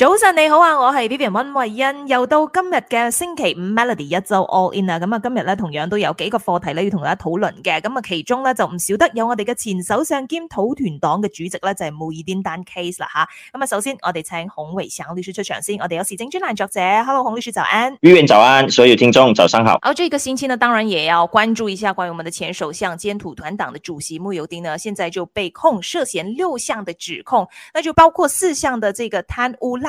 早晨你好啊，我係 Vivian 溫慧欣，又到今日嘅星期五 Melody 一周 All In 啊，咁啊今日咧同樣都有幾個課題咧要同大家討論嘅，咁啊其中咧就唔少得有我哋嘅前首相兼土團黨嘅主席咧就係慕尤丁 Dan Case 啦吓，咁啊首先我哋請孔維祥律師出場先，我哋有時政專欄作者。Hello 孔律師早安，玉員早安，所有聽眾早上好。好、哦、呢、呢個星期呢，當然也要關注一下關於我們的前首相兼土團黨的主席慕尤丁呢，現在就被控涉嫌六項嘅指控，那就包括四項嘅這個貪污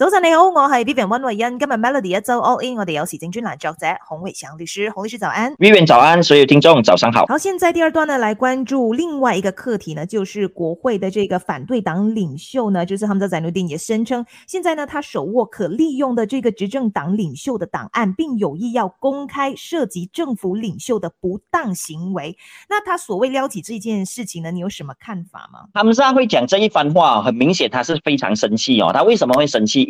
早晨你好，我係 Vivian 溫慧欣，今日 Melody 一周 All In，我哋有時事專欄作者洪偉祥律師，洪律師早安，Vivian 早安，所有聽眾早上好。好，現在第二段呢，來關注另外一個課題呢，就是國會的這個反對黨領袖呢，就是韓查贊努丁也聲稱，現在呢，他手握可利用的這個執政黨領袖的檔案，並有意要公開涉及政府領袖的不當行為。那他所謂撩起這件事情呢，你有什麼看法嗎？韓查會講這一番話，很明顯他是非常生氣哦。他為什麼會生氣？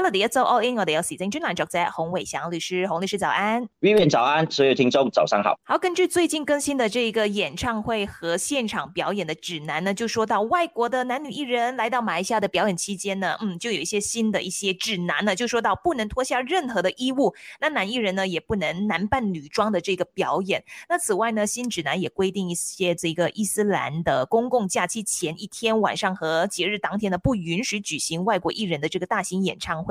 我哋一早 all in，我哋有時間追兩集啫。洪偉祥律師，洪律師早安，Vinny 早安，所有聽眾早上好。好，根據最近更新的這個演唱會和現場表演的指南呢，就說到外國的男女藝人來到馬來西亞的表演期間呢，嗯，就有一些新的一些指南呢，就說到不能脫下任何的衣物，那男藝人呢也不能男扮女裝的這個表演。那此外呢，新指南也規定一些這個伊斯蘭的公共假期前一天晚上和節日當天呢，不允許舉行外國藝人的這個大型演唱會。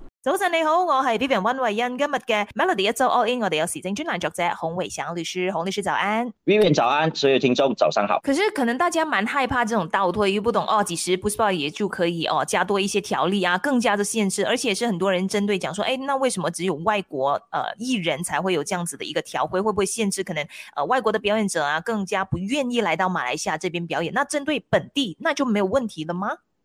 早晨你好，我係 Vivian 溫慧欣，今日嘅 Melody 一周 All In，我哋有時政專欄作者洪偉祥律師，洪律師早安。Vivian 早安，所有聽眾早上好。可是可能大家蠻害怕這種倒退，又不懂哦，幾時不報也就可以哦，加多一些條例啊，更加的限制，而且是很多人針對講說，誒、哎，那為什麼只有外國呃藝人才會有這樣子的一個條規，會不會限制可能呃外國的表演者啊，更加不願意來到馬來西亞這邊表演？那針對本地，那就沒有問題了嗎？